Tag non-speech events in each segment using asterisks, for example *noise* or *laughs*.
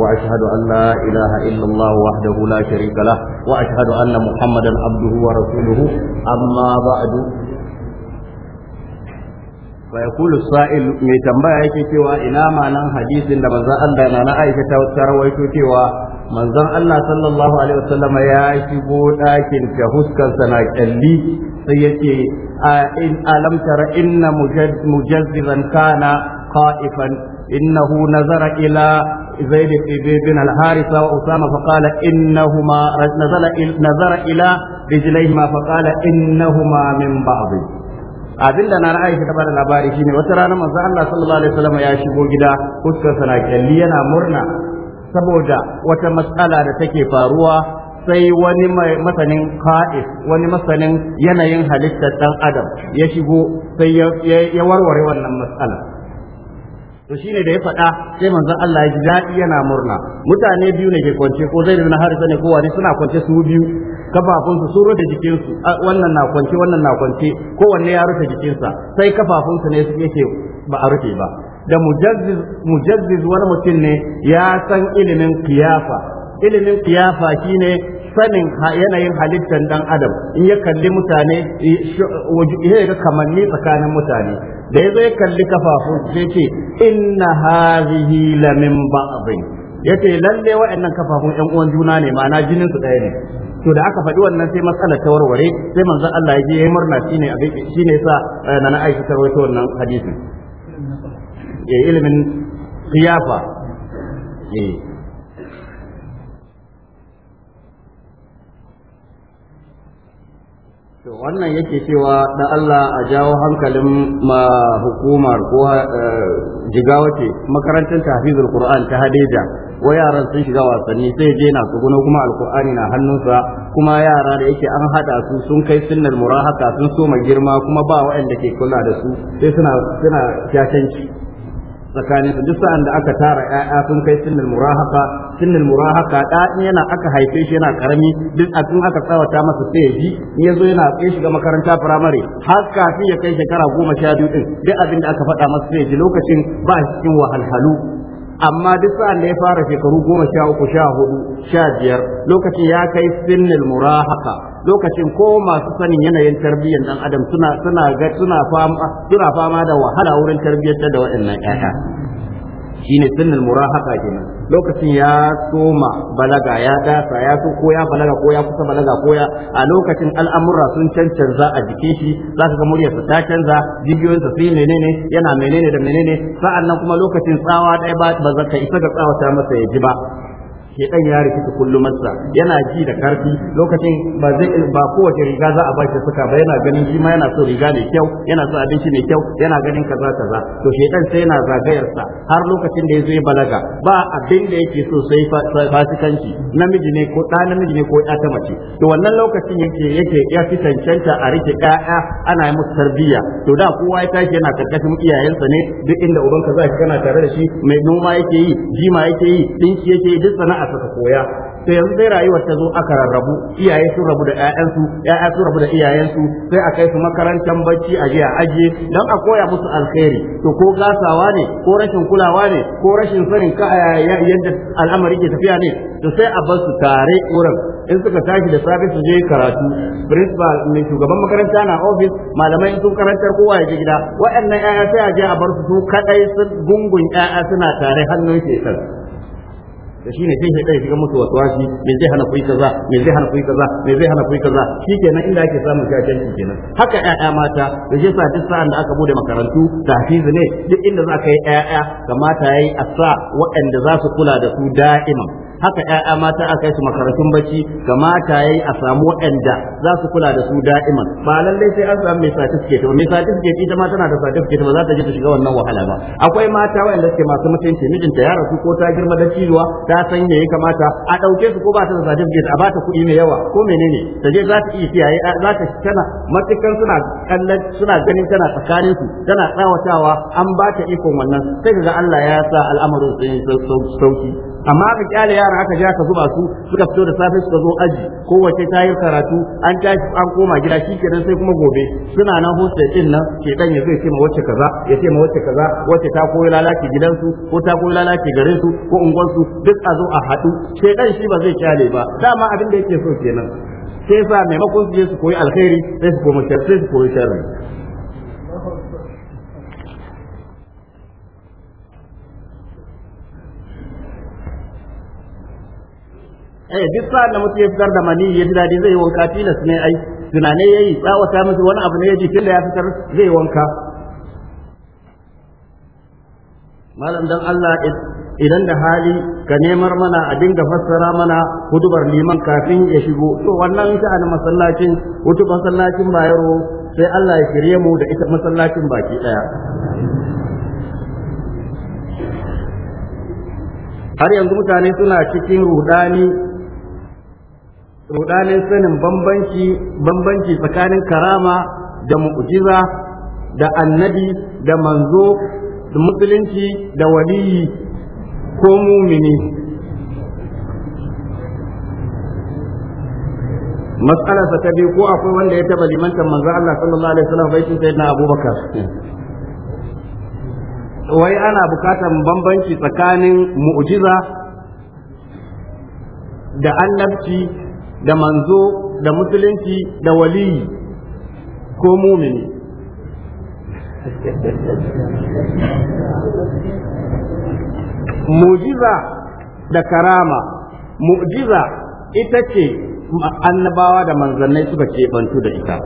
وأشهد أن لا إله إلا الله وحده لا شريك له وأشهد أن محمدا عبده ورسوله أما بعد فيقول السائل ميتنبا يكي تيوا إنا معنى حديث لما زال لنا نعيشة وترويت تيوا manzon Allah sallallahu alaihi wasallam ya shigo ɗakin ta na ƙyalli. sai yace a in alam tara inna mujazziran kana qa'ifan innahu nazara ila زيد بن الحارث وأسامة فقال إنهما نزل نظر إلى رجليهما فقال إنهما من بعض abin da na ra'ayi ta bada labari shine wata rana manzo Allah sallallahu alaihi wasallam ya shigo gida fuskar sana kalli yana murna saboda wata matsala da take faruwa sai wani masanin qa'is wani masanin yanayin halittar dan adam ya shigo sai ya warware wannan matsalar to shine da ya faɗa sai manzon Allah ya ji daɗi yana murna mutane biyu ne ke kwance ko zai na harisa ne ko wani suna kwance su biyu kafafunsu sun rufe jikinsu wannan na kwance wannan na kwance kowanne ya rufe jikinsa sai kafafunsu ne su yake ba a rufe ba da mujazziz mujazziz wani mutum ne ya san ilimin kiyafa ilimin kiyafa shine sanin yanayin halittar dan adam in ya kalli mutane ya ga kamanni tsakanin mutane da ya zai kalli kafafu sai ce inna hazihi lamin ya ce lalle wa'annan kafafun yan uwan juna ne ma'ana jinin su ɗaya ne to da aka faɗi wannan sai matsalar ta warware sai manzon Allah ya je ya murna shine abin shine sa eh, nana Aisha ta rawaito wannan hadisin eh, ilimin siyafa. Eh. wannan yake cewa da Allah a jawo hankalin ma hukumar ko eh, jigawa ce makarantar tafizul Qur'an ta Hadeja wa yaran sun shiga wasanni sai je na su kuma alqur'ani na hannunsa kuma yara da yake an hada su sun kai sunnar murahaka sun soma girma kuma ba waɗanda ke kula da su sai suna suna tsakanin su duk sa'an da aka tara ƴaƴa sun kai sinnul murahaka sinnul murahaka da yana aka haife shi yana karami duk a tun aka tsawata masa sai ya ji in yazo yana kai shiga makaranta firamare har kafin ya kai shekara goma sha biyu din duk abin da aka faɗa masa sai ya ji lokacin ba shi cikin wahalhalu amma duk sa'an da ya fara shekaru goma sha uku sha hudu sha biyar lokacin ya kai sinnil murahaka lokacin ko masu sanin yanayin tarbiyyar dan adam suna fama da wahala wurin tarbiyyar da waɗannan ƴaƴa shine sunnal murahaka kenan lokacin ya soma balaga ya dasa ya so ko ya balaga ko ya kusa balaga ko ya a lokacin al'amura sun cancanza a jikin shi zaka ga muryarsa ta canza jijiyoyinsa sai menene yana menene da menene sa'an nan kuma lokacin tsawa ɗaya ba za ka isa ga tsawata masa ya ji ba shedan ya kullum sa yana ji da karfi lokacin ba zai ba kowace riga za a ba shi suka ba yana ganin shi ma yana so riga mai kyau yana so abinci mai kyau yana ganin kaza kaza to shedan sai yana zagayarsa har lokacin da ya zo ya balaga ba abin da yake so sai fasikanci namiji ne ko ɗa namiji ne ko ta mace to wannan lokacin yake yake ya fi cancanta a rike ƴaƴa ana yi musu tarbiyya to da kowa ya tashi yana karkashin iyayensa ne duk inda ubanka za kana tare da shi mai noma yake yi jima yake yi dinki yake yi duk sana'a kana ka koya to yanzu sai rayuwar ta zo aka rarrabu iyaye sun rabu da ƴaƴansu ƴaƴa sun rabu da iyayensu sai a kai su makarantar bacci a je a aje dan a koya musu alkhairi to ko gasawa ne ko rashin kulawa ne ko rashin sanin ka yadda al'amari ke tafiya ne to sai a bar su tare wurin in suka tashi da safe su je karatu principal mai shugaban makaranta na office malamai sun karantar kowa ya je gida waɗannan ƴaƴa sai a je a bar su su kadai sun gungun ƴaƴa suna tare hannun shekaru shi shine sai shi dai shiga musu waswasi me zai hana kuyi kaza me zai hana kuyi kaza me zai hana kuyi kaza shikenan inda ake samun shashen kenan haka ƴaƴa mata da shi sa duk sa'an da aka bude makarantu tahfiz ne duk inda za ka yi ƴaƴa ga mata yayi asa waɗanda za su kula da su da'iman haka 'ya'ya mata a kai su makarantun bacci kamata yayi a samu waɗanda za su kula da su da'iman ba lallai sai an samu mai certificate ba mai certificate ita ma tana da certificate ba za ta je ta shiga wannan wahala ba akwai mata waɗanda suke masu mutunci mijinta ya rasu ko ta girma da ciwa ta san me ya kamata a ɗauke su ko ba ta da certificate a ba ta kuɗi mai yawa ko menene ta je za ta iya kiyaye za ta tana matukan suna kallon suna ganin tana tsakanin su tana tsawatawa an ba ta ikon wannan sai ga Allah ya sa al'amarin sauki amma ga kyale ya Yara aka ja ka zuba su suka fito da safe suka zo aji kowace ta yi karatu an tashi an koma gida shi kenan sai kuma gobe suna nan hosta din nan ke dan ya zai ce ma wacce kaza ya ce ma wacce kaza wacce ta koyi lalace gidansu ko ta koyi lalace garin su ko unguwarsu duk a zo a haɗu ke dan shi ba zai kyale ba dama abin da yake so kenan sai sa maimakon su je su koyi alkhairi sai su koma sai su koyi sharri eh duk sa da mutum ya fitar da mani ya ji dadi zai wanka tilas ne ai tunane yayi tsawata musu wani abu ne ya ji da ya fitar zai wanka malam dan Allah idan da hali ka nemar mana a dinga fassara mana hudubar liman kafin ya shigo to wannan sha'an masallacin hutu masallacin bayaro sai Allah ya shirye mu da ita masallacin baki daya har yanzu mutane suna cikin rudani rudanin sanin bambanci bambanci tsakanin karama da mu'jiza da annabi da manzo da musulunci da waliyi ko mumini matsalarsa ta biyu ko akwai wanda ya taba limantar manzo Allah sallallahu alaihi wasallam bai shi sayyidina Abubakar wai ana bukatar bambanci tsakanin mu'jiza da annabci da manzo da musulunci da waliyi ko mumini mujiza da karama mujiza ita ce annabawa da manzannai suka ke bantu da ita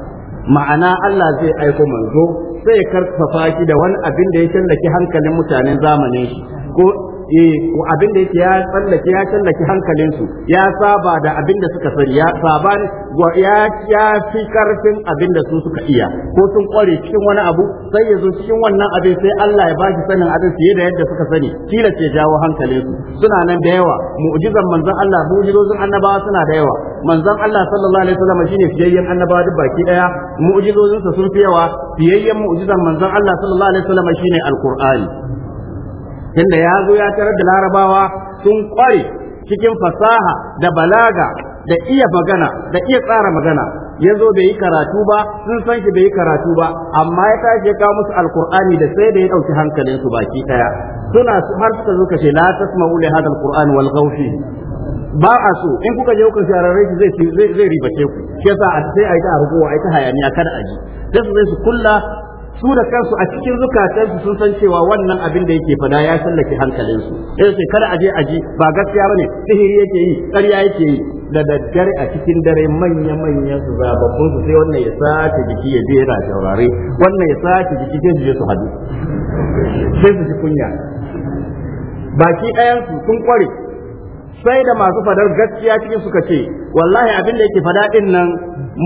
ma'ana Allah zai aiko manzo sai ya karfafa shi da wani abin da ya tallaki hankalin mutanen zamanin shi ko eh abin da yake ya tsallake ya tsallake hankalin su ya saba da abin da suka sani ya sabani ya ya fi karfin abin da su suka iya ko sun kware cikin wani abu sai ya zo cikin wannan abin sai Allah ya bashi sanin abin fiye da yadda suka sani kila ce jawo hankalin su suna nan da yawa mu'jizan manzon Allah mu'jizozin annabawa suna da yawa manzon Allah sallallahu alaihi wasallam shine fiyayyen annabawa duk baki daya mu'jizozinsa sun fi yawa fiyayyen mu'jizan manzon Allah sallallahu alaihi wasallam shine alqur'ani tunda ya zo ya tarar da larabawa sun kware cikin fasaha da balaga da iya magana da iya tsara magana ya zo bai yi karatu ba sun san shi bai yi karatu ba amma ya tashi ya kawo musu alkur'ani da sai da ya ɗauki su baki daya suna har suka zo kashe la tasma'u li hadal qur'an wal ghawfi ba a so in kuka je kuka shararrai shi zai zai ribace ku shi yasa a sai a yi ta rubuwa a yi ta hayaniya kada a ji sai zai su kulla su da kansu a cikin zukatansu sun san cewa wannan abin da yake fada ya sallake hankalinsu sai sai kada aje aji ba gaskiya bane sihiri yake yi ƙarya yake yi da daddare a cikin dare manya manyan su zababbun su sai wannan ya sace jiki ya je yana taurare wannan ya sace jiki sai je su hadu sai su ji kunya baki ɗayan su sun kware sai da masu fadar gaskiya cikin suka ce wallahi abin da yake fada din nan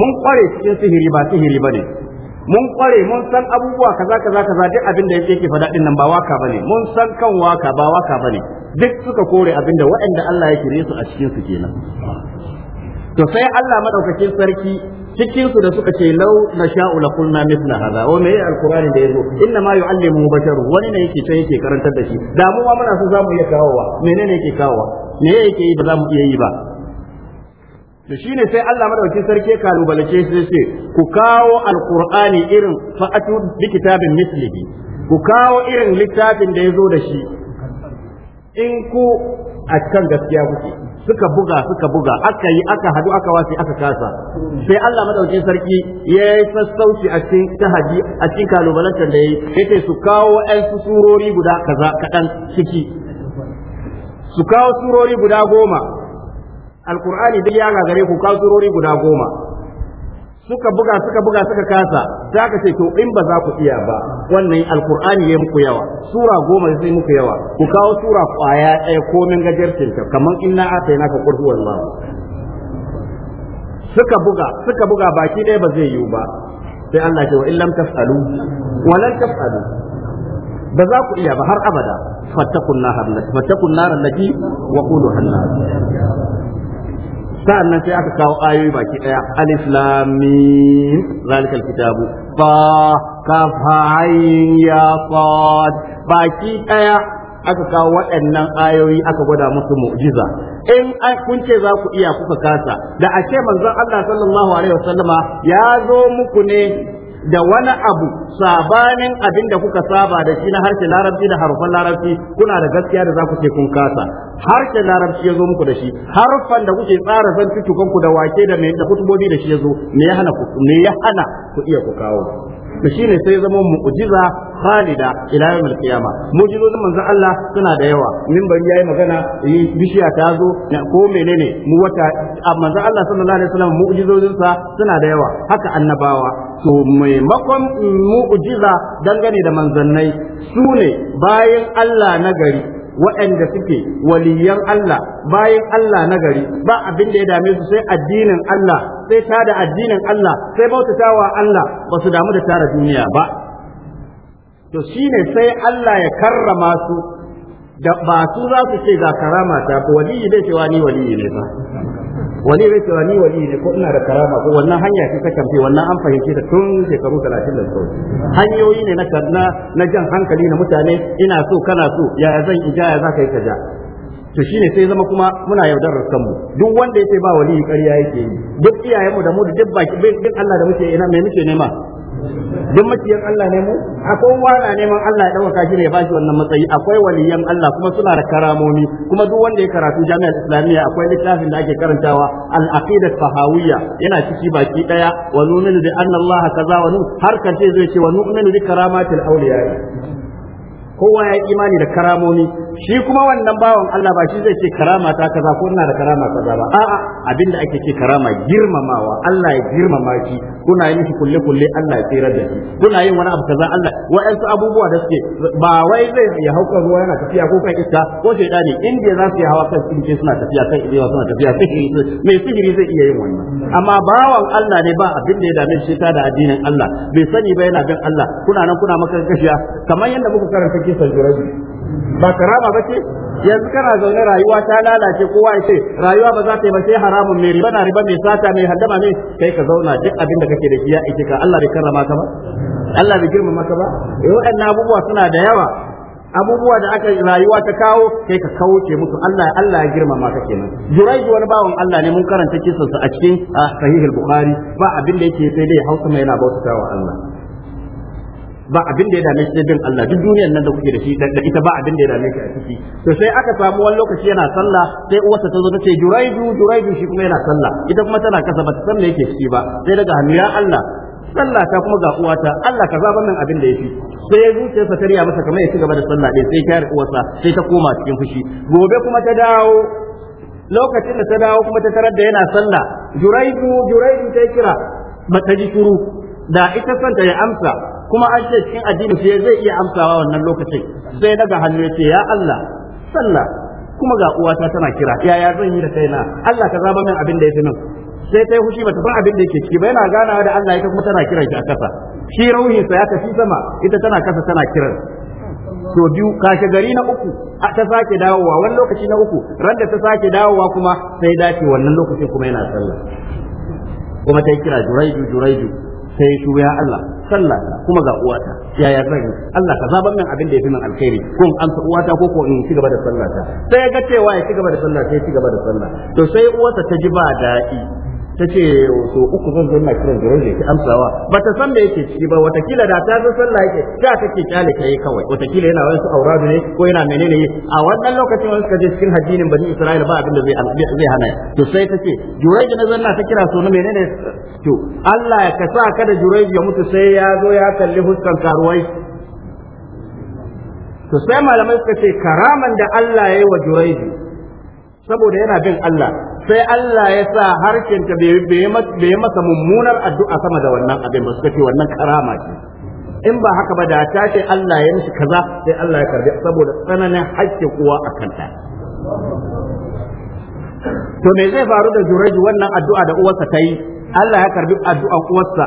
mun kware cikin sihiri ba sihiri bane mun kware mun san abubuwa kaza kaza kaza duk abin da yake fada din nan ba waka bane mun san kan waka ba waka bane duk suka kore abin da waɗanda Allah ya kire su a cikin su kenan to sai Allah madaukakin sarki cikin su da suka ce lau na sha'u la kunna mithla hada wa mai alqur'ani da yazo inna ma yu'allimu basharu wani ne yake can yake karantar da shi damuwa muna so zamu iya kawowa menene yake kawowa me yake yi ba zamu iya yi ba da shi ne sai Allah madawacin sarki ya kalubalace shi sai ku kawo alqur'ani irin atu bi kitabin mislihi ku kawo irin littafin da ya zo da shi in ku a kan gaskiya kuke suka buga suka buga aka yi aka hadu aka wasi aka kasa sai Allah madawacin sarki ya yi sassauci a cikin tahaji a cikin kalubalantar da yayi yace su kawo ɗan surori guda kaza kaɗan ciki su kawo surori guda goma alkur'ani duk ya gagare ku kasurori guda goma suka buga suka buga suka kasa za ka ce to in ba za ku iya ba wannan alkur'ani ya muku yawa sura goma sai muku yawa ku kawo sura kwaya ɗaya komin gajarcin ta kamar inna atayna ka kurhu wallahu suka buga suka buga baki ɗaya ba zai yiwu ba sai Allah ce wa illam tasalu wa lan taf'alu ba za ku iya ba har abada fattakun nar allati wa qulu hannas sa'an nan sai aka kawo ayoyi baki daya alif lam mim zalikal kitabu fa kaf ayin ya sad baki daya aka kawo waɗannan ayoyi aka gwada musu mu'jiza in kun ce za ku iya kuka kasa da ce manzon Allah sallallahu alaihi wasallama ya zo muku ne da wani abu sabanin abin da kuka saba da shi na harshen larabci da harufan larabci kuna da gaskiya da za ku ce kun kasa harshen larabci ya zo muku da shi harfan da kuke tsara zan cikin ku da wake da mai da kutubobi da shi ya zo me ya hana ku me ya hana ku iya ku kawo shi ne sai zama mu'ujiza. khalida ila yawm al-qiyama mujizozin manzon Allah suna da yawa bari yayi magana bishiya ta zo ko menene mu wata manzon Allah sallallahu alaihi wasallam mu'jizozin sa suna da yawa haka annabawa to maimakon mu'jiza dangane da manzannai su ne bayan Allah na gari waɗanda suke waliyan Allah bayan Allah na gari ba abin da ya dame su sai addinin Allah sai tada addinin Allah sai bautatawa Allah ba su damu da tara duniya ba to ne sai Allah ya karrama su da ba su za su ce za karama ta ko yi bai wani wani yi ne ba wani bai wani wani yi ne ko ina da karama ko wannan hanya ce ta kamfe wannan an fahimci ta tun shekaru talatin da suka hanyoyi ne na na na jan hankali na mutane ina so kana so ya zan ija ya? za ka yi ja to shine sai zama kuma muna yaudarar kanmu duk wanda ya ce ba waliyi ƙarya yake yi duk iyayenmu da mu da duk baki bin Allah da muke ina mai muke nema duk maciyan Allah ne mu akwai wanda neman Allah ya dauka shi ne ya bashi wannan matsayi akwai waliyan Allah kuma suna da karamomi kuma duk wanda ya karatu jami'ar islamiyya akwai littafin da ake karantawa al aqida fahawiyya yana ciki baki daya wa nu'minu bi anna Allah kaza wa nu har kace zai ce wa nu'minu bi karamatil awliya kowa ya imani da karamomi shi kuma wannan bawan Allah ba shi zai ce karama ta kaza ko ina da karama kaza ba a'a abin da ake ce karama girmamawa Allah ya girmama shi kuna yin shi kulle kulle Allah ya tsira da shi kuna yin wani abu kaza Allah wa'ansu abubuwa da suke ba wai zai ya hauka ruwa yana tafiya ko kan iska ko sai in inda za su yi hawa kan tsinke suna tafiya kan ibewa suna tafiya mai sihiri zai iya yin wannan amma bawan Allah ne ba abin da ya dame shi ta da addinin Allah bai sani ba yana bin Allah kuna nan kuna maka kashiya kamar yadda muka karanta kisan jirage ba karama harama ba ce yanzu kana zaune rayuwa ta lalace kowa ya ce rayuwa ba za ta yi ba sai haramun mai riba na riba mai sata mai haddama ne kai ka zauna duk abin da kake da shi ya ka Allah bai karrama ka ba Allah bai girmama ka ba eh waɗannan abubuwa suna da yawa abubuwa da aka rayuwa ta kawo kai ka kauce musu Allah Allah ya girmama ka kenan Juraiji wani bawan Allah ne mun karanta sa a cikin ah, sahihul Bukhari ba abin da yake sai dai Hausa mai yana bautawa Allah ba abin da ya dame shi bin Allah duk duniyar nan da kuke da shi da ita ba abin da ya dame shi a ciki to sai aka samu wani lokaci yana sallah sai uwarsa ta zo ta ce juraidu juraidu shi kuma yana sallah ita kuma tana kasa ba ta san me yake ciki ba sai daga hannu ya Allah sallah ta kuma ga uwata Allah ka zaba min abin da yafi sai ya zuciyarsa sa tariya masa kamar ya ci gaba da sallah din sai ta uwarsa sai ta koma cikin fushi gobe kuma ta dawo lokacin da ta dawo kuma ta tarar da yana sallah juraidu juraidu ta kira ba ta ji shuru da ita santa ya amsa kuma an ce cikin addini sai zai iya amsawa wannan lokacin sai daga hannu ya ce ya Allah sallah kuma ga uwata tana kira ya ya zan yi da kaina Allah ka zaba min abin da yake min sai tai hushi bata san abin da yake ciki ba yana ganawa da Allah yake kuma tana kiran shi a kasa shi rauhinsa ya tafi sama ita tana kasa tana kiran to biyu kashe gari na uku a ta sake dawowa wani lokaci na uku ran da ta sake dawowa kuma sai dace wannan lokacin kuma yana sallah kuma ta kira juraiju juraiju sai ya tuba ya Allah sallah kuma ga uwata yaya zan yi Allah ka zaban min abin da yafi min alkhairi ko in amsa uwata ko ko in cigaba da sallah sai ya ga cewa ya cigaba da sallah sai ya cigaba da sallah to sai uwata ta ji ba daɗi ta ce so uku zan zo ina kiran garin da ki amsawa ba ta san da yake ciki ba watakila da ta san sallah yake ta take kyale kai yi kawai watakila yana wani su auradu ne ko yana menene yi a wannan lokacin wani suka je cikin hadinin bani isra'ila ba abin da zai zai hana to sai ta ce jurai da zanna ta kira so na menene to Allah ya kasa ka da jurai ya mutu sai ya zo ya kalli huskan karuwai to sai malamai suka ce karaman da Allah ya yi wa jurai saboda yana bin Allah sai Allah ya sa harkinta bai yi masa mummunar addu'a sama da wannan abin ba suka ce wannan karama ce in ba haka ba da ta ce Allah ya mishi kaza sai Allah ya karbi saboda tsananin haƙƙin uwa a kanta to me zai faru da juraji wannan addu'a da uwarsa ta yi Allah ya karbi addu'a uwarsa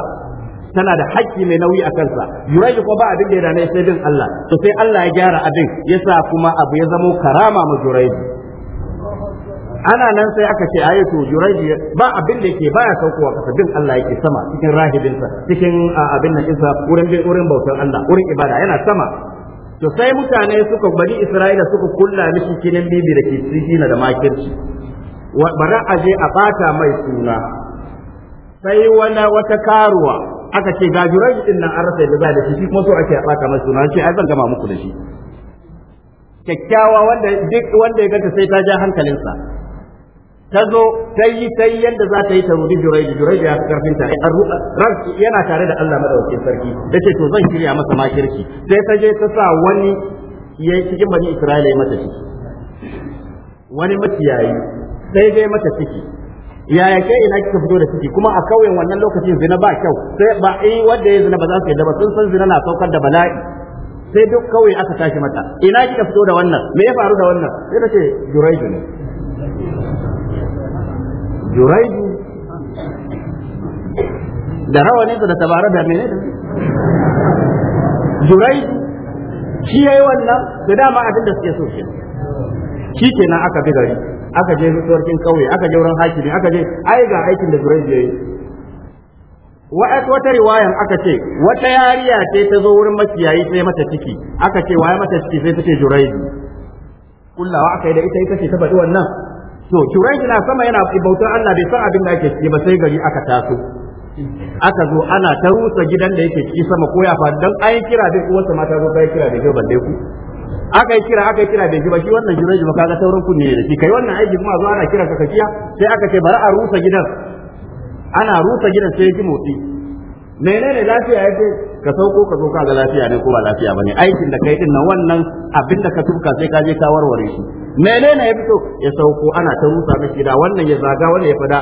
tana da haƙƙi mai nauyi a kansa yuraji ko ba abin da ya dane sai bin Allah to sai Allah ya gyara abin yasa kuma abu ya zamo karama ma juraji ana nan sai aka ce ayi to juraiji ba abin da yake baya saukowa kasa bin Allah yake sama cikin rahibinsa cikin abin nan isa wurin wurin bautar Allah wurin ibada yana sama to sai mutane suka bari Isra'ila suka kulla mishi kinin bibi da ke sihina da makirci bara a je a bata mai suna sai wani wata karuwa aka ce ga juraiji din nan an rasa da za da shi kuma so ake a bata mai suna ce ai zan gama muku da shi kyakkyawa wanda duk wanda ya ganta sai ta ja hankalinsa ta zo ta yi ta yi yadda za ta yi ta rubi juraiji juraiji ya karfin ta ran yana tare da Allah madaukakin sarki da ce to zan shirya masa makirci sai ta je ta sa wani ya yi cikin bani Isra'ila ya mata ciki wani maciyayi sai dai mata ciki yaya ke ina kika fito da ciki kuma a kauyen wannan lokacin zina ba kyau sai ba eh wanda ya zina ba za su yadda ba sun san zina na saukar da bala'i sai duk kauye aka tashi mata ina kika fito da wannan me ya faru da wannan sai ta ce juraiji ne juraidu da rawaninsa da tabarar da mene juraidu shi yayi wannan da dama abin da suke so shi shi kenan aka bi gari aka je sarkin kauye aka je wurin hakimi aka je ai ga aikin da juraidu yayi wata riwaya aka ce wata yariya ce ta zo wurin makiyayi sai mata ciki aka ce waye mata ciki sai ta ce juraidu kullawa aka yi da ita ita ce ta faɗi wannan to shi na sama yana bautar Allah bai san abin da ake ciki ba sai gari aka taso aka zo ana ta rusa gidan da yake ciki sama ko ya faɗi dan ayi kira dai uwarsa ta zo kai kira da ban dai ku aka yi kira aka yi kira bai ji ba shi wannan Quraysh ba kaga taurin kunne ne shi kai wannan aiki kuma zo ana kira ka kakiya sai aka ce bari a rusa gidan ana rusa gidan sai ya ji motsi menene lafiya yake ka sauko ka zo k'a ga lafiya ne ko ba lafiya bane aikin da kai din nan wannan abin da ka tuka sai ka je ka warware shi menene ya fito ya sauko ana ta rusa mishi da wannan ya zaga wannan ya fada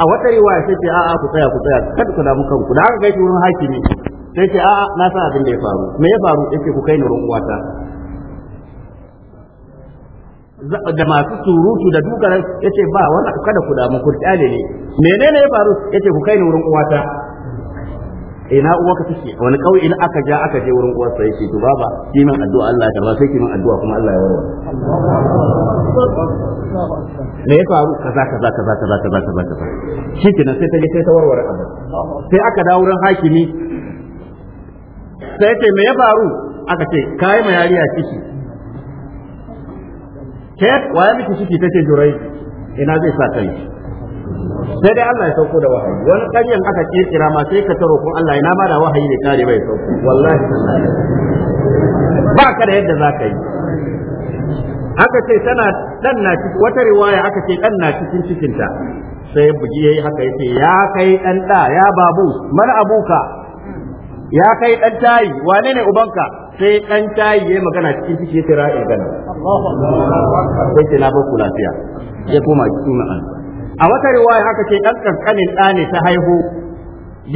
a wata riwaya sai ce a'a ku tsaya ku tsaya kada ku damu kanku da aka kai wurin hakimi sai ce a'a na sa abin da ya faru me ya faru yace ku kai ni wurin uwata da masu surutu da dukaran yace ba wannan kada ku damu ku tsale ne menene ya faru yace ku kai ni wurin uwata ina uwarka take wani kauye ina aka ja aka je wurin uwarsa yake to baba ki min addu'a Allah ya karba sai ki min addu'a kuma Allah ya warware me ya faru kaza kaza kaza kaza kaza kaza kaza kenan sai ta je sai ta warware abu sai aka dawo wurin hakimi sai ta me ya faru aka ce kai ma yariya ciki ke waya miki ta ce jurai ina zai sa kai sai dai Allah ya sauko da wahayi wani kanyan aka kirkira ma sai ka taro kun Allah ina ma da wahayi ne kare bai sauko wallahi ba ka da yadda za ka yi aka ce tana dan na cikin wata riwaya aka ce dan na cikin cikinta sai buji yayi haka yace ya kai dan da ya babu mana abuka ya kai dan tayi wane ne ubanka sai dan tayi yayi magana cikin ciki yace ra'i gana sai ce na ba ku lafiya ya koma cikin ma'ana a wata riwaya aka ce ɗan ƙanƙanin ɗa ne ta haihu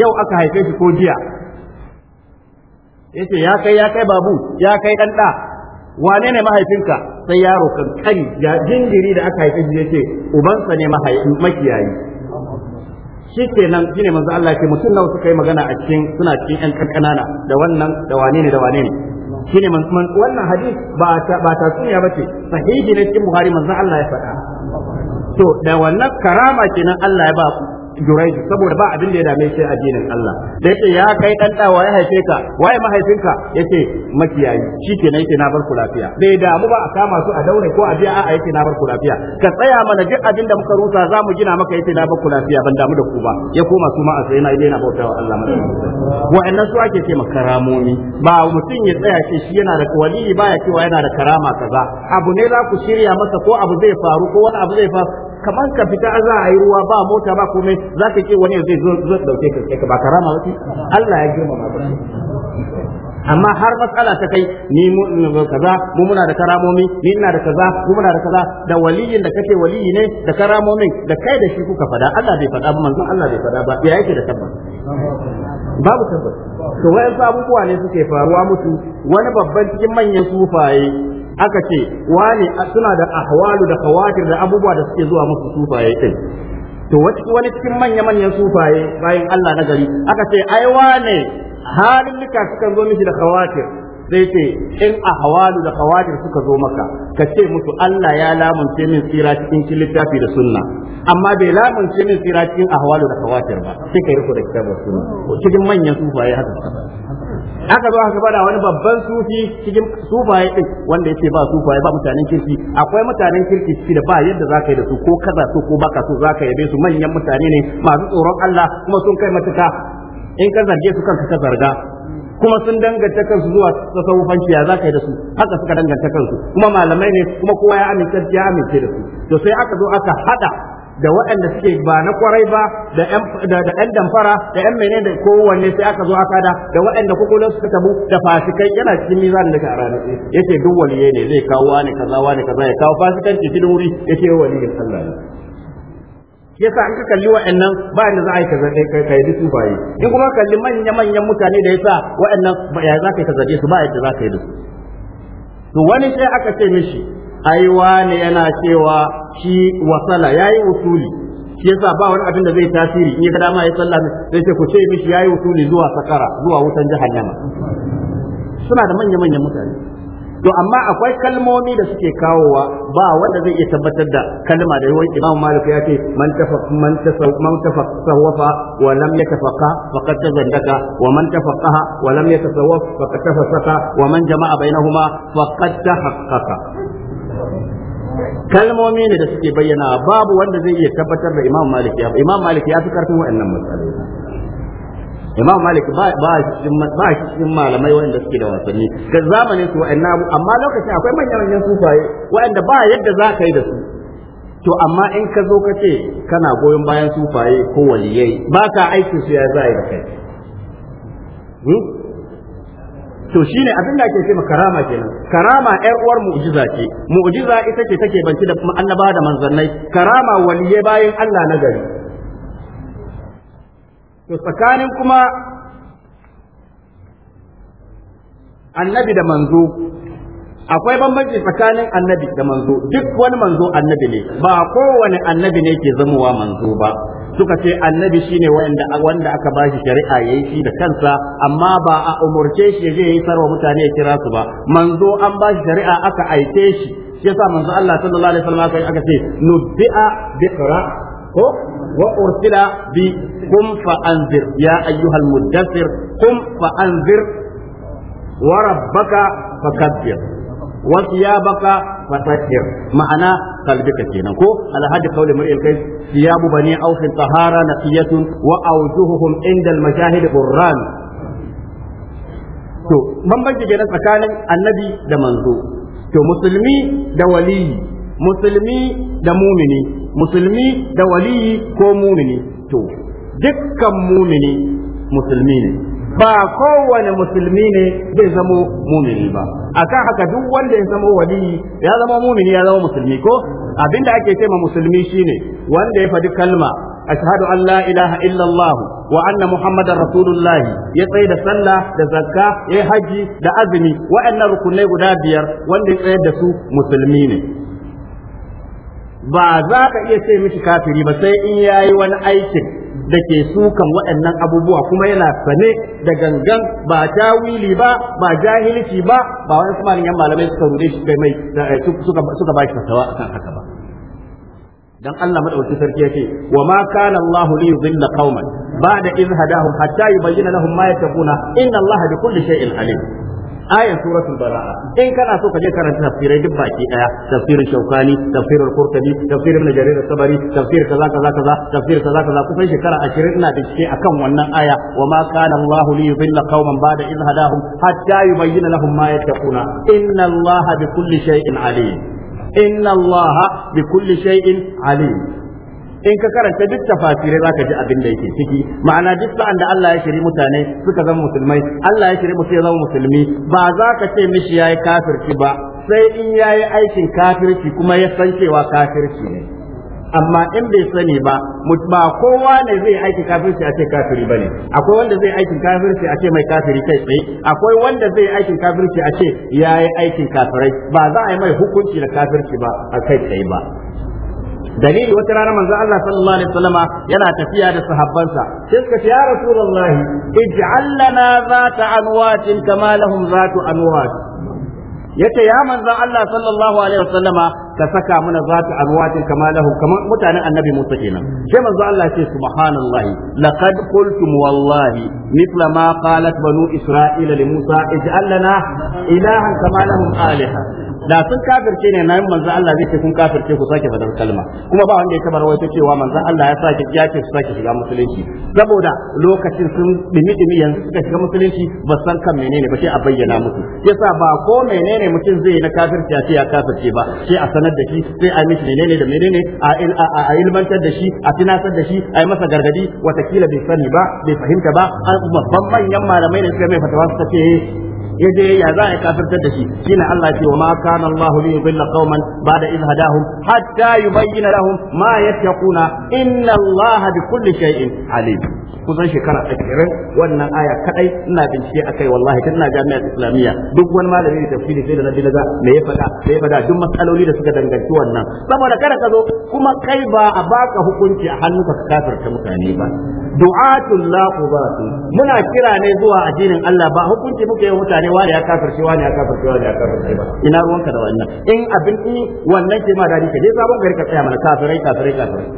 yau aka haife shi ko jiya yace ya kai ya kai babu ya kai ɗan ɗa wane ne mahaifinka sai yaro ƙanƙani, ya jingiri da aka haife shi yace ubansa ne makiyayi shi kenan shine manzo Allah ke mutum nawa suka yi magana a cikin suna cikin ƴan ƙanƙanana? da wannan da wane ne da wane ne ne wannan hadis ba ta ba ce. sunya bace sahihi ne cikin Buhari manzo Allah ya faɗa to da wannan karama kenan Allah ya ba ku saboda ba abin da ya dame shi addinin Allah da ya kai dan dawa ya haife ka waye mahaifinka yace makiyayi shikenan yake na bar ku lafiya bai damu ba a kama su a daure ko a biya a yake na bar lafiya ka tsaya mana duk abin da muka rusa za mu gina maka yake na bar ku lafiya ban damu da ku ba ya koma su ma a sai na yi daina bauta wa Allah Wa wa'annan su ake ce makaramomi ba mutum ya tsaya ce shi yana da waliyi ya cewa yana da karama kaza abu ne za ku shirya masa ko abu zai faru ko wani abu zai faru kamar ka fita za a yi ruwa ba mota ba komai za ka ce wani zai zo zo dauke ka ka ba karama wace Allah ya girmama ka amma har matsala ta kai ni mu kaza mu muna da karamomi ni ina da kaza mu muna da kaza da waliyin da kake waliyi ne da karamomin da kai da shi kuka fada Allah bai fada ba manzon Allah bai fada ba ya yake da tabbas babu tabbas to wa'in abubuwa ne suke faruwa musu wani babban cikin manyan sufaye aka ce wani suna da ahwalu da khawatir da abubuwa da suke zuwa musu sufaye din to wani cikin manya-manyan sufaye bayan Allah na gari aka ce ai wane halin duka sukan zo miki da khawatir sai ce in ahwalu da khawatir suka zo maka ka ce musu Allah ya lamunce min tsira cikin littafi da sunna amma bai lamunce min tsira cikin ahwalu da khawatir ba sai ka yi da kitabar sunna cikin manyan sufaye haka aka zo aka bada wani babban sufi cikin sufaye din wanda yake ba sufaye ba mutanen kirki akwai mutanen kirki ciki da ba yadda zaka yi da su ko kaza so ko baka so zaka yabe su manyan mutane ne masu tsoron Allah kuma sun kai matuka in ka zarge su kanka ka zarga kuma sun danganta kansu zuwa tasawufanci ya zaka yi da su haka suka danganta kansu kuma malamai ne kuma kowa ya amince ya amince da su to sai aka zo aka hada da waɗanda suke ba na kwarai ba da ɗan damfara da ɗan mene da kowanne sai aka zo aka da da waɗanda kokolon suka tabu da fasikai yana cikin mizan da rana ranar yake duk waliye ne zai kawo wani kaza wani kaza ya kawo fasikan ke cikin wuri wani ya Allah ne yasa an ka kalli waɗannan ba yanda za a yi kaza ka yi da su baye in kuma kalli manya manyan mutane da yasa waɗannan ba ya za ka yi zaɗe su ba yadda za ka yi dusu. su to wani sai aka ce mishi ai wani yana cewa shi wasala ya yi usuli shi yasa ba wani abin da zai tasiri in ya dama ya sallah zai ce ku ce mishi ya yi usuli zuwa sakara zuwa wutan jahannama suna da manya manyan mutane to amma akwai kalmomi da suke kawowa ba wanda zai iya tabbatar da kalma da yawan Imam Malik ya ce man tafaq man tasawwaf man tafaqaha wa lam yatafaqa faqad tazandaka wa man tafaqaha wa lam yatasawwaf faqad tafasaka wa man jama'a bainahuma faqad tahaqqaqa kalmomi ne da suke bayyana babu wanda zai iya tabbatar da imam malik ya imam maliki ya fi karfin wa'annan matsaloli imam malik ba shi cikin malamai wa'anda suke da wasanni da zamanin su wa'annan amma lokacin akwai manyan manyan sufaye wa'anda ba yadda za ka yi da su to amma in ka zo ka ce kana goyon bayan sufaye ko waliyai ba ka aikin su ya za yi da kai hmm? to shine abin da ake ce ma karama kenan karama yar uwar mu'jiza ce mu'jiza ita ce take banci da annaba da manzannai karama waliye bayan Allah na gari to tsakanin kuma annabi da manzo akwai bambanci tsakanin annabi da manzo duk wani manzo annabi ne ba kowane annabi ne ke zamowa manzo ba suka ce annabi shine wanda wanda aka ba shi shari'a yayi shi da kansa amma ba a umurce shi ya yi sarwa mutane ya kira su ba manzo an ba shi shari'a aka aike shi shi yasa manzo Allah sallallahu alaihi wasallam aka ce nubbi'a biqra ko wa ursila bi kum fa anzir ya ayyuhal muddathir kum fa anzir wa rabbaka fakabbir ya baka fatahhir ma'ana kalbika kenan ko alhaji qawli mar'il kai thiyabu bani awf na naqiyatun wa awjuhuhum inda al-mashahid qurran to bambanci kenan tsakanin annabi da manzo to musulmi da waliyi musulmi da mumini musulmi da waliyi ko mumini to dukkan mumini musulmi ne ba kowane musulmi ne zai zamo mumini ba akan haka duk wanda ya zamo waliyi ya zama mumini ya zama musulmi ko abinda ake ce ma musulmi shine wanda ya faɗi kalma ashhadu an la ilaha illallah wa anna muhammadar rasulullahi ya tsaye da sallah da zakka ya haji da azumi wa'annan rukunai guda biyar wanda ya tsayar da su musulmi ne ba za ka iya ce mishi kafiri ba sai in yayi wani aikin da ke sukan waɗannan abubuwa kuma yana sane da gangan ba tawili ba ba jahilci ba ba wani kuma yan malamai suka rude shi kai mai eh, suka ba shi fatawa akan haka ba dan Allah madauki sarki yake wa ma kana Allah li yudilla qauman ba'da iz hadahum hatta yubayyana lahum ma yattaquna inna Allah bi kulli shay'in alim ayan suratul bara'a in kana so ka je karanta tafsirai duk baki daya tafsirin shaukani tafsirul qurtubi tafsirin ibn jarir sabari tafsir kaza kaza kaza tafsir kaza kaza kusan shekara 20 ina bincike akan wannan aya wa ma kana Allah li yudilla qauman ba'da idh hadahum hatta yubayyana lahum ma yattaquna inna Allah bi kulli shay'in alim inna Allah bi kulli shay'in alim in ka karanta duk tafasirai ka ji abin da yake ciki ma'ana duk sa'an da Allah ya shiri mutane suka zama musulmai Allah ya shiri mutum ya zama musulmi ba za ka ce mishi yayi kafirci ba sai in yayi aikin kafirci kuma ya san cewa kafirci ne amma in bai sani ba ba kowa ne zai aiki kafirci a ce kafiri bane akwai wanda zai aikin kafirci a ce mai kafiri kai tsaye akwai wanda zai aikin kafirci a ce yayi aikin kafirai ba za a yi mai hukunci da kafirci ba a kai tsaye ba dalili wata rana manzo Allah sallallahu alaihi wasallama yana tafiya da sahabbansa sai suka ce ya rasulullahi ij'al lana zata anwatin kama lahum zatu anwat yace ya manzon Allah sallallahu alaihi wasallama ka saka mana zatu anwatin kama lahum kama mutanen annabi Musa kenan sai manzon Allah ce subhanallahi laqad qultum wallahi mithla ma qalat banu isra'ila li Musa ij'al lana ilahan kama lahum alaha da sun kafirce ne nan manzo Allah zai ce kun kafirce ku sake fadar kalma kuma ba wanda ya taba rawaito cewa manzo Allah ya sake ya ce su sake shiga musulunci saboda lokacin sun dimi dimi yanzu suka shiga musulunci ba san kan menene ba sai a bayyana musu yasa ba ko menene mutum zai na kafirce sai ya kafirce ba sai a sanar da shi sai a mishi menene da menene a ilmantar da shi a tunasar da shi a yi masa gargadi watakila bai sani ba bai fahimta ba babban manyan malamai ne suka mai fatawa suka ce ya ya za a kafirtar da shi shine Allah ce wa ma kana Allah li yudilla qauman ba'da idh hadahum hatta yubayyana lahum ma yattaquna inna Allah bi kulli shay'in alim kusan shekara 20 wannan aya kadai ina bincike akai wallahi tun ina jami'a islamiyya duk wani malami da tafsiri sai da nabi daga me ya faɗa me ya faɗa duk matsaloli da suka danganci wannan saboda kada ka zo kuma kai ba a baka hukunci a hannunka ka kafirta mutane ba du'atul la muna kira ne zuwa addinin Allah ba hukunci muke yi mutane wani ya kafirce wani ya kafirce wani ya kafirce ba ina ruwanka da wannan in abin in wannan ke ma dadi ka je sabon gari ka tsaya mana kafirai kafirai kafirai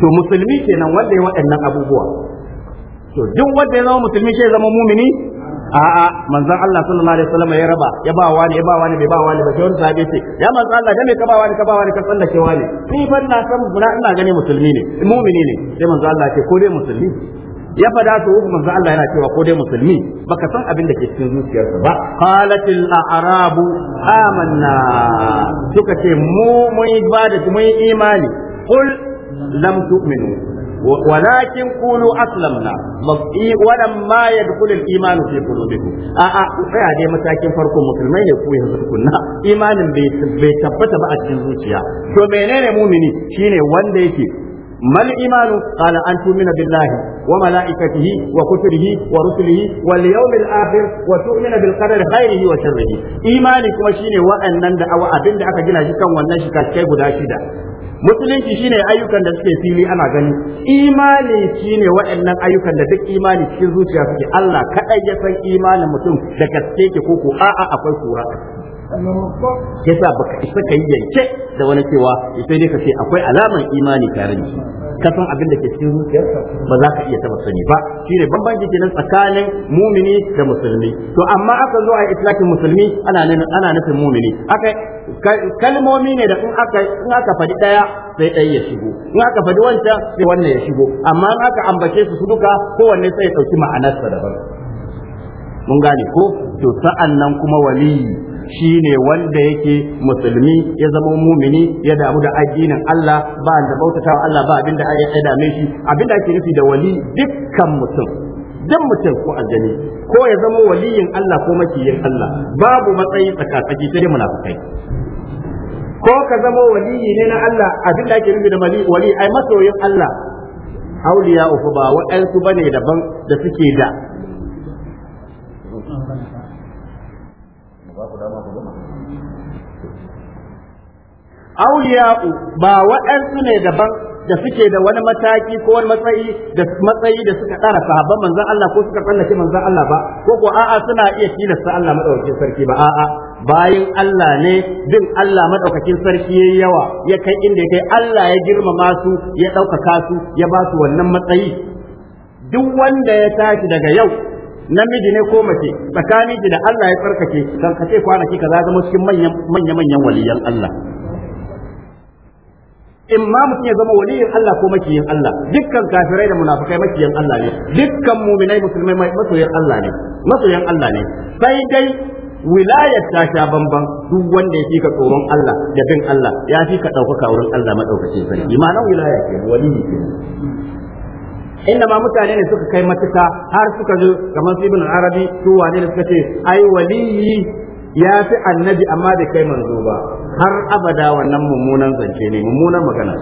to musulmi kenan wanda ya waɗannan abubuwa to duk wanda ya zama musulmi shi zama mumini a'a manzon Allah sallallahu alaihi wasallam ya raba ya ba wani ya ba wani bai ba wani ba sai wani sahabi ce ya manzon Allah dan me ka ba wani ka ba wani ka tsallake wani ni ban na san muna ina gani musulmi ne mu'mini ne sai manzon Allah ce ko dai musulmi ya fada su uku manzon Allah yana cewa ko dai musulmi baka san abin da ke cikin zuciyarsa ba qalatil a'rabu amanna suka ce mu mun ba da mun imani qul lam tu'minu walakin kulu aslamna walamma yadkhulul iman fi qulubikum a a tsaya dai matakin farko musulmai ne ku yanzu tukunna imanin bai tabbata ba a cikin zuciya to menene mumini shine wanda yake ما الإيمان؟ قال أن تؤمن بالله وملائكته وكتبه ورسله واليوم الآخر وتؤمن بالقدر خيره وشره إيمانك وشيني da نند أو أبند أكا جنا شكا وأن guda shida. musulunci shine ayyukan da suke fili ana gani imani shine waɗannan ayyukan da duk imani cikin zuciya suke Allah kadai ya san imanin mutum da gaske ke koko a'a akwai kura yasa baka isa kai yanke da wani cewa sai dai ka ce akwai alaman imani tare da shi ka san abin da ke cikin zuciyarsa ba za ka iya taba sani ba shine bambanci kenan tsakanin mumini da musulmi to amma aka zo a islakin musulmi ana nufin mumini kalmomi ne da in aka faɗi daya sai ɗaya ya shigo in aka faɗi wancan sai wannan ya shigo amma in aka ambace su su duka kowanne sai ya ɗauki ma'anarsa daban mun gane ko to sa'an nan kuma waliyi Shi ne wanda yake musulmi ya zama mumini ya damu da addinin Allah ba da bautatawa Allah ba abinda ya dame shi abinda ake nufi da wali dukkan mutum dan mutum ko aljani ko ya zama waliyin Allah ko makiyin Allah babu matsayi tsakatsaki sai munafikai ko ka zama waliyi ne na Allah abinda ake nufi da wali ai masoyin Allah auliya uku ba waɗansu bane daban da suke da auliya'u ba waɗansu ne daban da suke da wani mataki ko wani matsayi da matsayi da suka tsara sahabban manzon Allah ko suka tsallake manzon Allah ba ko ko a'a suna iya tilasta Allah madaukakin sarki ba a'a bayin Allah ne bin Allah madaukakin sarki yayi yawa ya kai inda ya kai Allah ya girmama su ya ɗaukaka su ya ba su wannan matsayi duk wanda ya tashi daga yau namiji ne ko mace tsakanin da Allah ya tsarkake kan kace kwanaki kaza zama cikin manyan manyan waliyan Allah in ma mutum ya zama waliyin Allah ko makiyin Allah dukkan kafirai da munafikai makiyin Allah ne dukkan muminai musulmai masoyan Allah ne masoyan Allah ne sai dai wilayar ta sha bamban duk wanda ya fika tsoron Allah da bin Allah ya fika ɗaukaka wurin Allah maɗaukacin sarki imanan wilaya ke waliyi ke inda ma mutane ne suka kai matuka har suka zo kamar su ibn arabi su wane da suka ce ai waliyi ya fi annabi amma da kai manzo ba har abada wannan mummunan zance ne mummunan magana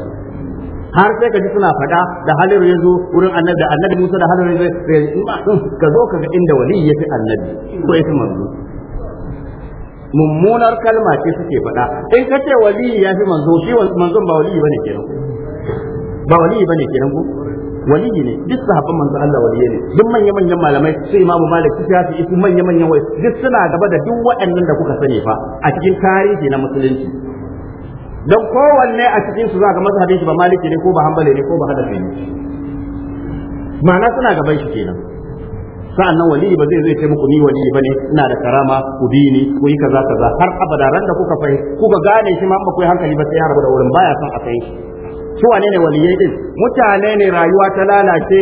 har sai ka ji suna fada da halin ya zo wurin annabi da annabi Musa da haliru ya zo eh, ka zo ka ga inda wali ya fi annabi ko ya fi manzo mummunar kalma ce suke fada in ka ce wali ya fi manzo shi manzon ba wali bane kenan ba wali bane kenan ko waliyi ne duk sahabban manzo Allah waliyi ne duk manya manyan malamai su imamu malik su shafi su manya manyan wai duk suna gaba da duk waɗannan da kuka sani fa a cikin tarihi na musulunci dan kowanne a cikin su zaka mazhabin shi ba maliki ne ko ba hanbali ne ko ba hadafi ne ma'ana suna gaban shi kenan sa'annan waliyi ba zai zai ce muku ni waliyi bane ina da karama ku bi ni ku yi kaza kaza har abada ran da kuka fahimci kuka gane shi ma ba ku yi hankali ba sai ya rabu da wurin baya son a kai shi su wane ne waliyai din mutane ne rayuwa ta lalace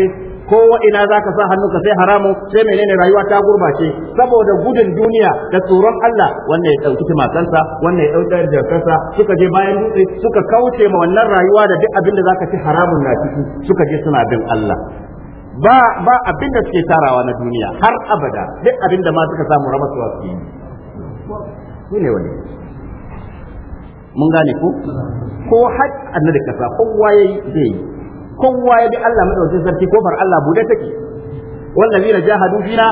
ko ina za ka sa hannunka sai haramu sai menene rayuwa ta gurbace saboda gudun duniya da tsoron Allah wannan ya dauki makansa wannan ya dauki jarkarsa suka je bayan dutse suka kauce ma wannan rayuwa da duk abin da ka ci haramun na ciki suka je suna bin Allah ba ba abin da suke tarawa na duniya har abada duk abin da ma suka samu ramatuwa su yi ne wani mun gane ko ko har annabi kasa kowa yayi zai kowa ya bi Allah madaukakin sarki ko far Allah bude take والذين جاهدوا فينا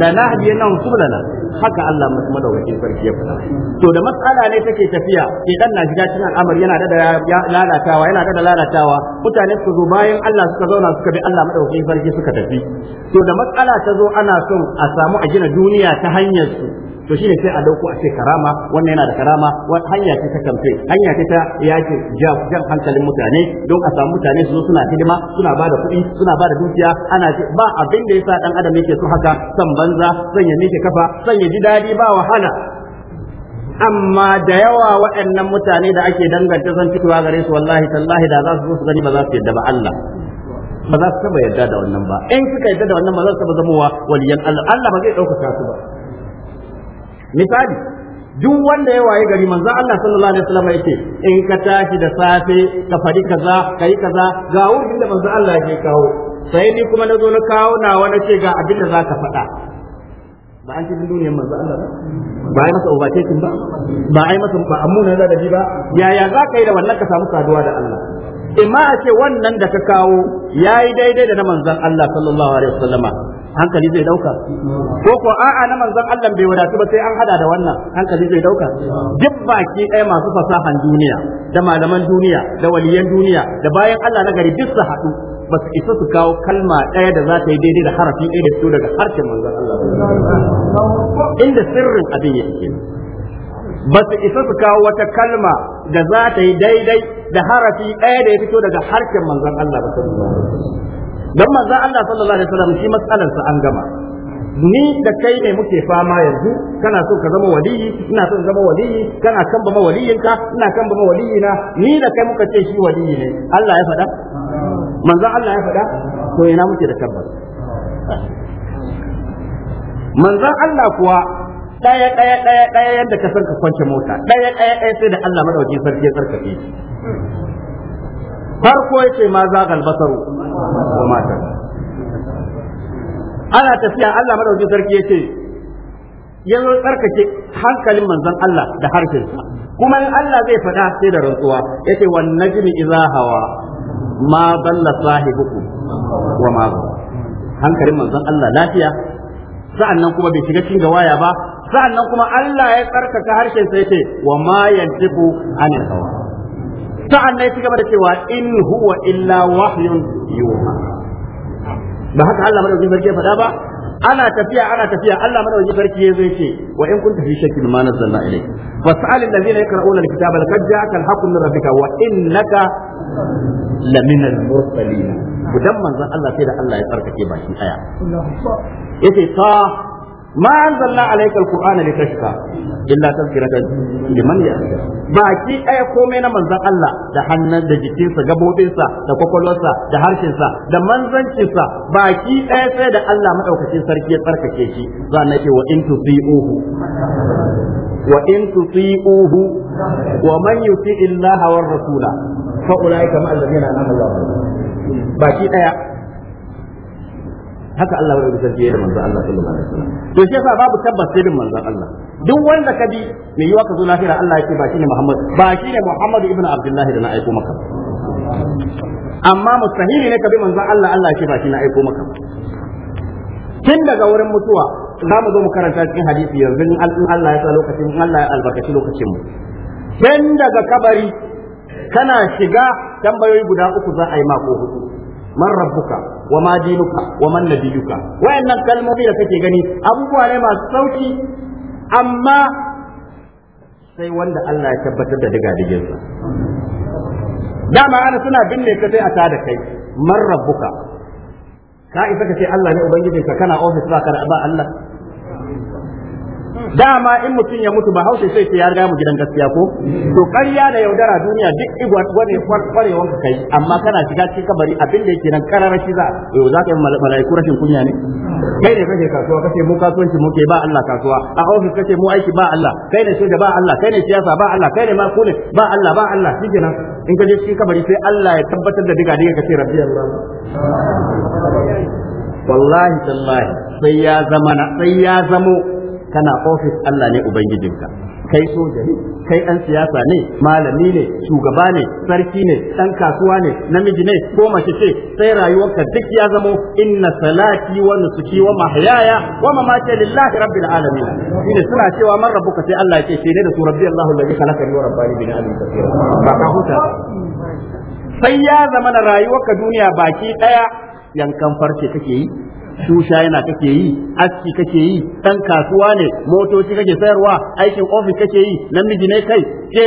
لنهدينهم سبلنا haka Allah madaukakin sarki ya faɗa to da matsala ne take tafiya sai dan na shiga cikin al'amari yana da lalatawa yana da lalatawa mutane su zo bayan Allah suka zauna suka bi Allah madaukakin sarki suka tafi to da matsala ta zo ana son a samu a gina duniya ta hanyar su to shine sai a dauko a ce karama wannan yana da karama hanya ce ta kamfe hanya ce ta yaki jan hankalin mutane don a samu mutane su zo suna hidima suna bada kuɗi suna bada dukiya ana ce ba abin da yasa dan adam yake so haka san banza san ya mike kafa san ya ji dadi ba wahala amma da yawa waɗannan mutane da ake danganta san fitowa gare su wallahi tallahi da za su zo su gani ba za su yadda ba Allah ba za su taba yadda da wannan ba in suka yadda da wannan ba za su taba zamowa waliyan Allah Allah ba zai ɗaukaka su ba misali duk wanda ya waye gari manzo Allah sallallahu alaihi wasallam yake in ka tashi da safe ka fari kaza kai kaza ga wurin da manzo Allah yake kawo sai ni kuma nazo na kawo nawa na ce ga abin da zaka faɗa ba an cikin duniyar manzo Allah ba ba ai masa kin ba ba ai masa ba amuna da dabi ba yaya zaka yi da wannan ka samu saduwa da Allah imma a ce wannan da ka kawo yayi daidai da na manzon Allah sallallahu alaihi wasallama hankali zai dauka ko ko a'a na manzon Allah bai wadatu ba sai an hada da wannan hankali zai dauka duk baki ɗaya masu fasahan duniya da malaman duniya da waliyan duniya da bayan Allah na gari duk su haɗu ba su isa su kawo kalma ɗaya da za ta yi daidai da harafi ɗaya da su daga harshen manzon Allah inda sirrin abin yake ba su isa su kawo wata kalma da za ta yi daidai da harafi ɗaya da ya fito daga harshen manzon Allah ba don manzo Allah sallallahu alaihi wasallam shi matsalar sa an gama ni da kai ne muke fama yanzu kana so ka zama waliyi ina so zama waliyi kana kan ba waliyinka ina kan ba waliyina ni da kai muka ce shi waliyi ne Allah ya faɗa manzo Allah ya faɗa to ina muke da tabbas manzon Allah kuwa ɗaya ɗaya ɗaya ɗaya yadda ka san ka kwance mota ɗaya ɗaya ɗaya sai da Allah madaukakin sarki ya sarkafe farko yace ma zagal basaru ko mata ana tafiya Allah madauki sarki yace yanzu tsarkake hankalin manzon Allah da harshen sa kuma in Allah zai faɗa sai da rantsuwa ce wan najmi iza hawa ma dalla sahibuku wa ma hankalin manzon Allah lafiya sa'annan kuma bai shiga cikin waya ba sa'annan kuma Allah ya tsarkaka harshen sa ce wa ma yantiku anil hawa sa'an nan ya ci gaba da cewa in huwa illa wahyun yuha ba haka Allah madaukakin sarki ya faɗa ba ana tafiya ana tafiya Allah madaukakin sarki ya zai ce wa in kunta fi shakkin ma nazzalna ilayk fas'al alladhina yaqra'una alkitaba laqad ja'aka alhaqqu min rabbika wa innaka lamina al-mursalin budan manzon Allah sai da Allah ya tsarkake baki aya yace ta ma anzalna alayka alqur'ana litashqa illa tazkiratan liman yakhsha baki ɗaya komai na manzon Allah da hannun da jikinsa gabobinsa da kwakwalwarsa da harshensa da manzancinsa baki ɗaya sai da Allah maɗaukacin sarki ya tsarkake shi za na ce wa in tusiuhu wa in tusiuhu wa man yuti illaha war rasula fa ulaika ma alladhina an'ama Allah baki ɗaya haka Allah ya rubuta shi da manzon Allah sallallahu alaihi wasallam to shi yasa babu tabbas sai din manzon Allah duk wanda ka bi mai yiwa ka zo lahira Allah ya ce ba shine Muhammad ba shine Muhammad ibn Abdullah da na aiko maka amma mustahili ne ka bi manzon Allah Allah ya ce ba shine aiko maka tun daga wurin mutuwa za mu zo mu karanta cikin hadisi yanzu in Allah ya sa lokacin in Allah ya albarkaci lokacin mu tun daga kabari kana shiga tambayoyi guda uku za a yi mako hudu man rabbuka wa ma dinuka wa man nabiyuka wayannan kalmomi da kake gani abubuwa ne masu sauki amma sai wanda Allah ya tabbatar da diga diginsa dama ana suna binne ka sai a da kai man rabbuka ka isa ka ce Allah ne ubangijinka kana office ba ka ba Allah dama in mutum ya mutu ba hausa sai ce ya riga mu gidan gaskiya ko to ƙarya da yaudara duniya duk igwa wani kwarewan ka kai amma kana shiga cikin kabari abin da yake nan kararashi za yau za ka yi mala'iku rashin kunya ne kai ne kake kasuwa kace mu kasuwanci mu ke ba Allah kasuwa a ofis kace mu aiki ba Allah kai ne soja ba Allah kai ne siyasa ba Allah kai ne ma kune ba Allah ba Allah kenan in ka je cikin kabari sai Allah ya tabbatar da diga diga kace rabbi Allah wallahi tallahi sai ya zama sai ya zamo kana ofis Allah ne ubangijinka kai soja ne kai ɗan siyasa ne malami ne shugaba ne sarki ne ɗan kasuwa ne namiji ne ko mace ce sai rayuwarka duk ya zamo inna salati wa nusuki wa mahyaya wa mamati lillahi rabbil alamin shine suna cewa man rabbuka sai Allah yake ne da su rabbi Allahu allazi khalaqani wa rabbani bi alamin basira ba ka huta sai ya zama na rayuwarka duniya baki daya yankan farce kake yi shusha yana kake yi aski kake yi dan kasuwa ne motoci kake sayarwa aikin ofis kake yi namiji ne kai ke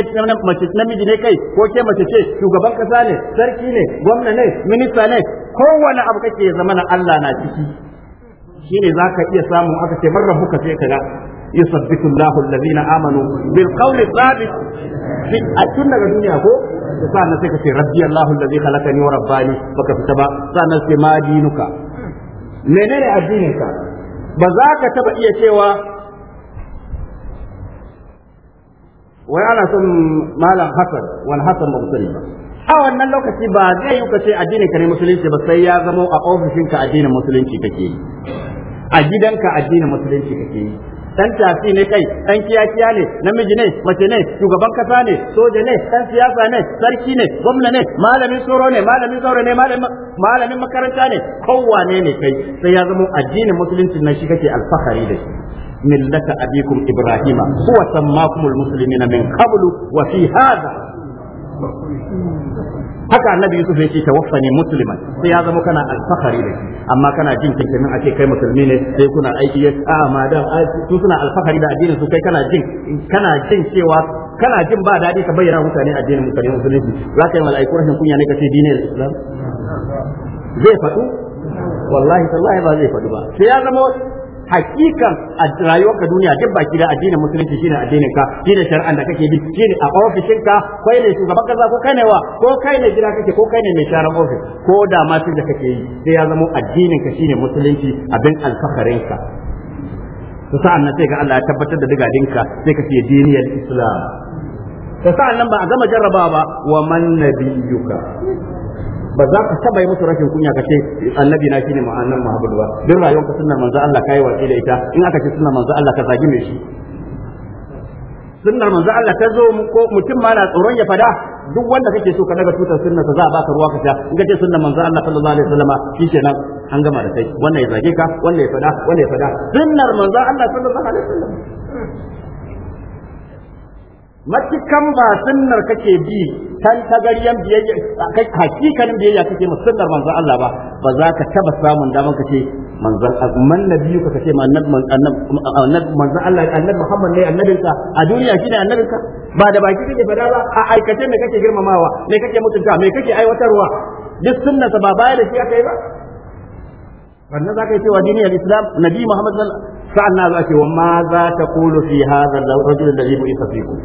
mace namiji ne kai ko ke mace ce shugaban kasa ne sarki ne gwamna ne minista ne kowane abu kake zamana Allah na ciki shine zaka iya samu aka ce man rabbuka sai kaga يثبت الله الذين امنوا بالقول الثابت في daga duniya ko sannan sai ka ce rabbi Allahu allazi khalaqani wa rabbani baka fita ba sannan sai ma dinuka menene addininka ba za ka taba iya cewa wai ana son malam hasan wani hasan ba musulmi ba a wannan lokaci ba zai yi ce addinin ka ne musulunci ba sai ya zama a ofishinka addinin musulunci kake a gidanka addinin musulunci kake yi dan tafi ne kai dan kiyakiya ne namiji ne mace ne shugaban kasa ne soja ne dan siyasa ne sarki ne gwamna ne malamin tsoro ne malamin tsoro ne malamin makaranta ne kowane ne kai sai ya zama addinin musulunci na shi kake alfahari da shi millata abikum ibrahima huwa sammakumul muslimina min qablu wa fi hadha haka annabi yusuf yake tawaffani musliman sai ya zama kana alfahari da shi amma kana jin kinkin ake kai musulmi ne sai kuna aiki ya a ah, ma da su suna alfahari da addinin su kai kana jin kana jin cewa kana jin ba dadi ka bayyana mutane addinin musulunci za ka yi mala'iku rashin kunya ne ka ce dinin islam zai faɗu wallahi tallahi ba zai faɗu ba sai ya zama hakikan a ka duniya duk baki da addinin musulunci shine addinin ka shine shari'an da kake bi shine a ofishin ka kai ne shugaban kaza ko kai ne wa ko kai ne gida kake ko kai ne mai sharan ofis ko da ma da kake yi sai ya zama addinin ka shine musulunci abin alfaharin ka to sa'an nan sai ga Allah ya tabbatar da ka sai ka ce diniyar Islam to sa'an nan ba a gama jarrabawa ba wa man nabiyuka ba za ka taba yi musu rashin kunya ka ce annabi na shine ma'annan Muhammad ba duk rayuwarka sunnar manzo Allah kai watsi da ita in aka ce sunnar manzo Allah ka zagi me shi sunnar manzo Allah ta zo ko mutum ma na tsoron ya fada duk wanda kake so ka daga tutar sunnarsa za a baka ruwa ka sha in ka ce sunnar manzo Allah sallallahu alaihi wasallama shikenan an gama da kai wannan ya zage ka wannan ya fada wannan ya fada sunnar manzo Allah sallallahu alaihi wasallam matukan ba sunnar kake bi tan tagaryan biyayya hakikanin biyayya kake ma sunnar manzon Allah ba ba za ka taba samun daman kace manzon man nabiyyu ka kace annabi manzon Allah annabi Muhammad ne annabinka a duniya shine annabinka ba da baki kake fada ba a aikace ne kake girmamawa ne kake mutunta me kake aiwatarwa duk sunnar ba baya da shi akai ba wannan zaka yi cewa dini al-islam nabi Muhammad sallallahu alaihi wasallam sa'an na za ce wa ma za ta qulu fi hadha ar-rajul alladhi bu'itha fikum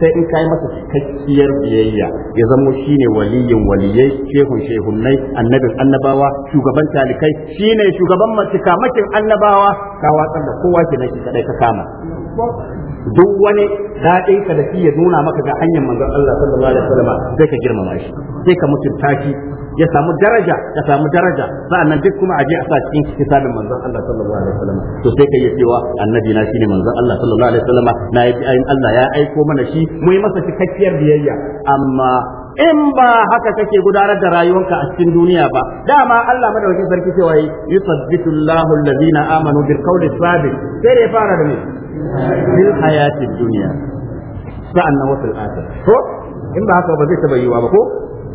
sai in kai masa cikakkiyar biyayya ya zamo shine waliyin waliyai shehun shehunnai annabin annabawa shugaban talikai shine shugaban mace annabawa ka watsar da kowa kenan shi kadai ka kama duk wani daɗin ka da shi ya nuna maka ga hanyar manzon Allah sallallahu alaihi wasallam sai ka girmama shi sai ka mutunta shi ya samu daraja ya samu daraja sa'annan duk kuma aje a sa cikin kitabin manzon Allah sallallahu alaihi wasallam to sai kai ya cewa annabi na shine manzon Allah sallallahu alaihi wasallam na yi ayin Allah ya aiko mana shi mu yi masa cikakkiyar biyayya amma in ba haka kake gudanar da rayuwanka a cikin duniya ba dama Allah madaukakin sarki cewa yi yusabbitu Allahu allazina amanu bil qawli sabit sai da ya fara da ni, bil hayatid dunya sa'annan wa fil akhirah ko in ba haka ba zai taba yiwa ba ko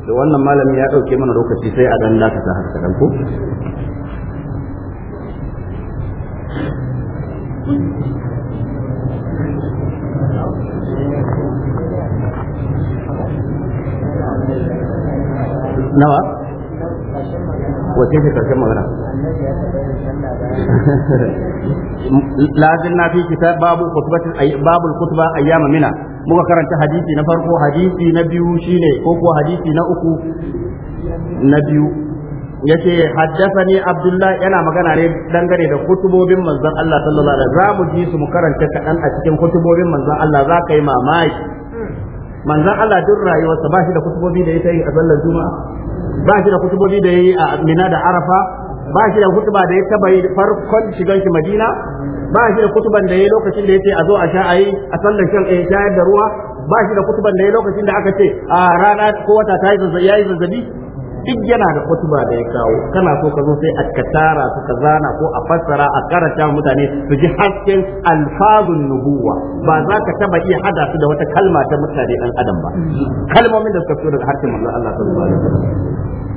da wannan malami ya ɗauke mana lokaci sai a ɗan dakata haka kaɗan ko nawa wace ce karshen magana lazim *laughs* na fi kitab babu khutbatin babul khutba ayyama mina muka karanta hadisi na farko hadisi na biyu shine ko ko hadisi na uku na biyu Ya ce haddasa haddathani abdullah yana magana ne dangane da kutubobin manzan Allah sallallahu alaihi wasallam za mu ji su mu karanta kaɗan a cikin kutubobin manzan Allah za ka yi mamaki Manzan Allah duk rayuwarsa ba shi da kutubobi da ya yi a sallar juma'a ba shi da kutubobi da ya yi a Mina da Arafa ba shi da hutuba da ya taba yi farkon shigan shi Madina ba shi da kutuban da yayi lokacin da ce a zo a sha ayi a sallar shan eh shayar da ruwa ba shi da kutuban da yayi lokacin da aka ce a rana ko wata ta yi zazzabi yayi zazzabi duk yana da kutuba da ya kawo kana so ka zo sai a katara su ka zana ko a fassara a karanta mutane su ji hasken alfazun nubuwa ba za ka taba iya hada su da wata kalma ta mutane dan adam ba kalmomin da suka fito daga harshen manzon Allah sallallahu alaihi wasallam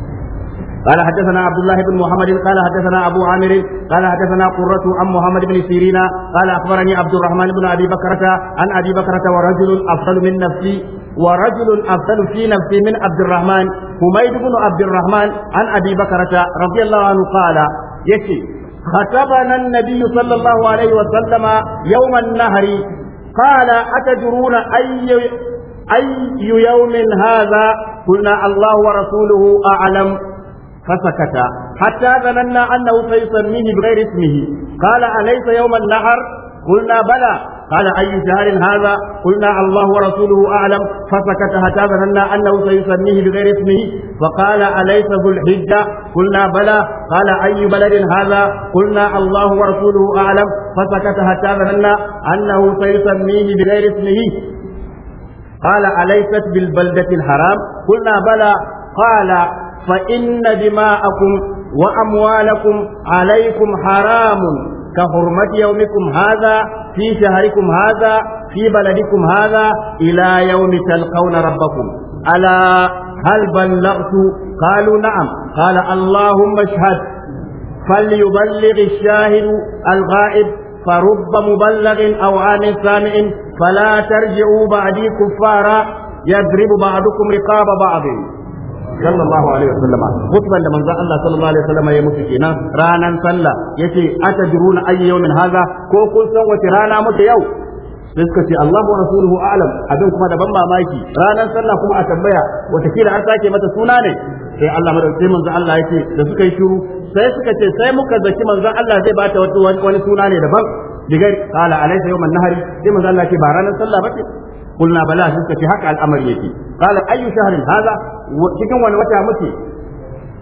قال حدثنا عبد الله بن محمد قال حدثنا أبو عامر قال حدثنا قرة عن محمد بن سيرين قال أخبرني عبد الرحمن بن أبي بكرة عن أبي بكرة ورجل أفضل من نفسي ورجل أفضل في نفسي من عبد الرحمن حميد بن عبد الرحمن عن أبي بكرة رضي الله عنه قال يكي خطبنا النبي صلى الله عليه وسلم يوم النهر قال أتدرون أي أي يوم هذا قلنا الله ورسوله أعلم فسكت حتى ظننا أنه سيسميه بغير اسمه قال أليس يوم النحر قلنا بلى قال أي شهر هذا قلنا الله ورسوله أعلم فسكت حتى ظننا أنه سيسميه بغير اسمه فقال أليس ذو الحجة قلنا بلى قال أي بلد هذا قلنا الله ورسوله أعلم فسكت حتى ظننا أنه سيسميه بغير اسمه قال أليست بالبلدة الحرام قلنا بلى قال فإن دماءكم وأموالكم عليكم حرام كحرمة يومكم هذا في شهركم هذا في بلدكم هذا إلى يوم تلقون ربكم ألا هل بلغت قالوا نعم قال اللهم اشهد فليبلغ الشاهد الغائب فرب مبلغ أو عام سامع فلا ترجعوا بعدي كفارا يضرب بعضكم رقاب بعض sallallahu alaihi wasallam khutban da manzon Allah sallallahu alaihi wasallam ya musu kenan ranan sallah yace atajruna ayyu yawmin hadha ko kun san wace rana muke yau sai suka ce Allahu rasuluhu a'lam abin kuma da ban mamaki ranan sallah kuma a tambaya watakila an sake mata suna ne sai Allah madaukakin manzon Allah yace da suka yi shiru sai suka ce sai muka zaki manzon Allah zai bata wani suna ne daban digar kala alaysa yawman nahari sai manzon Allah ce ba ranan sallah bace قلنا بلا سكة حق الأمر يكي قال أي شهر هذا cikin wani wata muke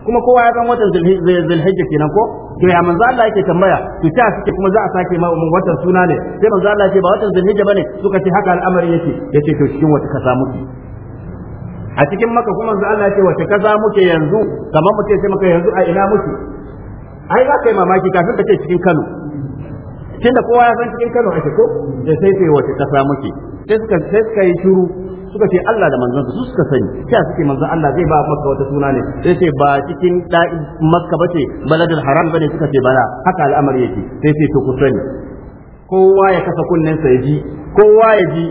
kuma kowa ya san watan zulhijja kenan ko to ya manzo Allah yake tambaya to ta suke kuma za a sake ma mun watan suna ne sai manzo Allah ce ba watan zulhijja bane suka ce haka al'amari yake yace to cikin wata kasa muke a cikin maka kuma manzo Allah ce wata kasa muke yanzu kamar muke ce maka yanzu a ina muke ai za ka mamaki kafin ka ce cikin Kano da kowa ya san cikin Kano ake ko da sai sai wace kasa muke sai suka sai suka yi shuru suka ce Allah da manzon su suka sani sai suke manzon Allah zai ba maska wata suna ne sai sai ba cikin da'i Makka bace baladul haram bane suka ce bala haka al'amari yake sai sai to ku sani kowa ya kasa kunnen sa ya ji kowa ya ji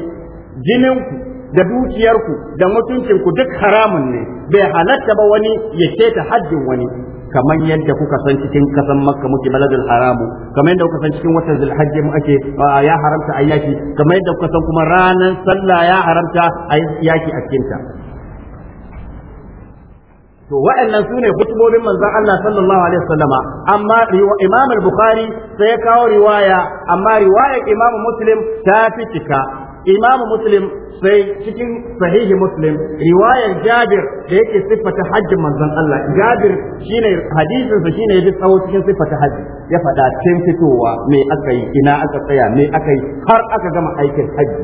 jinin ku da dukiyarku da mutuncinku duk haramun ne bai halatta ba wani ya ta haddin wani kamar yadda kuka san cikin kasan makka muke baladul haramu kamar yadda kuka san cikin watan zulhajji mu ake ya haramta a yaki kamar yadda kuka san kuma ranar sallah ya haramta a yaki a cikin ta to wa'annan sune ne hutubobin manzon Allah sallallahu alaihi wasallama amma Imam al-Bukhari sai ya kawo riwaya amma riwayar Imam Muslim ta fi cika imam muslim sai cikin sahihi muslim riwayar jabir da yake siffata Hajji, manzon Allah jabir shine hadisin sa shine yaji tsawo cikin siffata hajji ya faɗa cikin fitowa me aka yi ina aka tsaya me aka yi har aka gama aikin hajji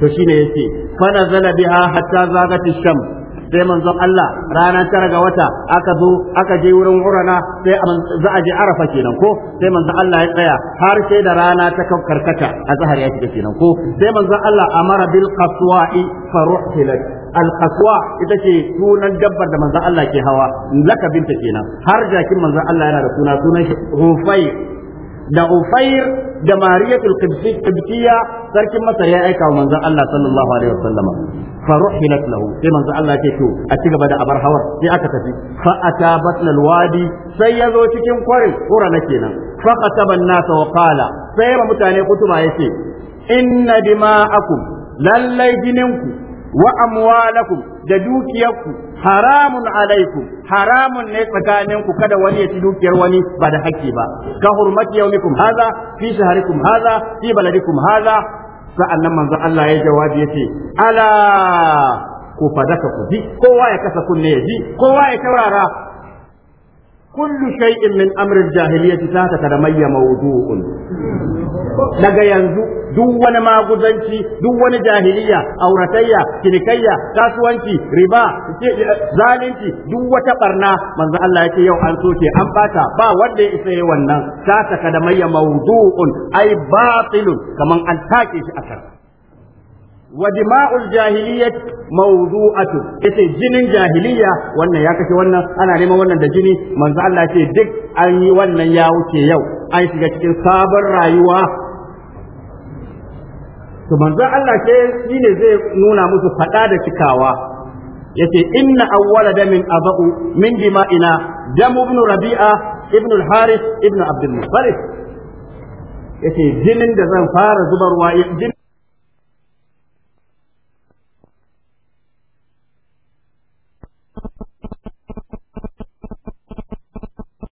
to shine yace fa nazala biha hatta zagati shams sai manzon Allah ranar tara ga wata aka zo aka je wurin urana sai za a je arafa kenan ko sai manzon Allah ya tsaya har sai da rana ta karkata a zahar ya shiga kenan ko sai manzon Allah amara bil qaswa'i faruhtilat alkaswa ita ce sunan dabbar da manzon Allah ke hawa lakabinta kenan har jakin manzon Allah yana da suna sunan shi da Ufair da mariyatul qibtiyya sarkin masar ya aika wa manzon Allah sallallahu alaihi wasallam fa ruhilat lahu sai manzon Allah ke to a ci gaba da abar hawar sai aka tafi fa ata batnal wadi sai ya zo cikin kwarin kura na kenan fa qataba an-nas wa qala sai ma mutane kutuba yace inna dima'akum lallai jininku wa amwalakum da dukiyarku haramun alaikum haramun ne tsakaninku kada wani ya ci dukiyar wani ba da haƙƙi ba ka hurmati yaumikum haza fi shaharikum haza fi baladikum haza sa'annan manzo Allah ya jawabi yace ala ku fadaka ku bi kowa ya kasa kunne ya ji kowa ya taurara kullu shay'in min amra jahiliyyati ta ta kadamayya mawdu'un daga yanzu duk wani maguzanci duk wani jahiliya auratayya kinikayya, kasuwanci riba eh, zalunci duk wata barna manzo Allah yake yau an soke an bata ba wanda ya isa yayi wannan ta ta kadamayya mawdu'un ai batilun kamar an take shi akar wa dima'ul jahiliyyah mawdu'atu yace jinin jahiliya wannan ya kashe wannan ana neman wannan da jini manzo Allah ce duk an yi wannan ya wuce yau an shiga cikin sabon rayuwa to manzo Allah ce shine zai nuna musu faɗa da cikawa yace inna awwala damin aba'u min dima'ina dam ibn rabi'a ibn al ibn abd al-muttalib yace jinin da zan fara zubarwa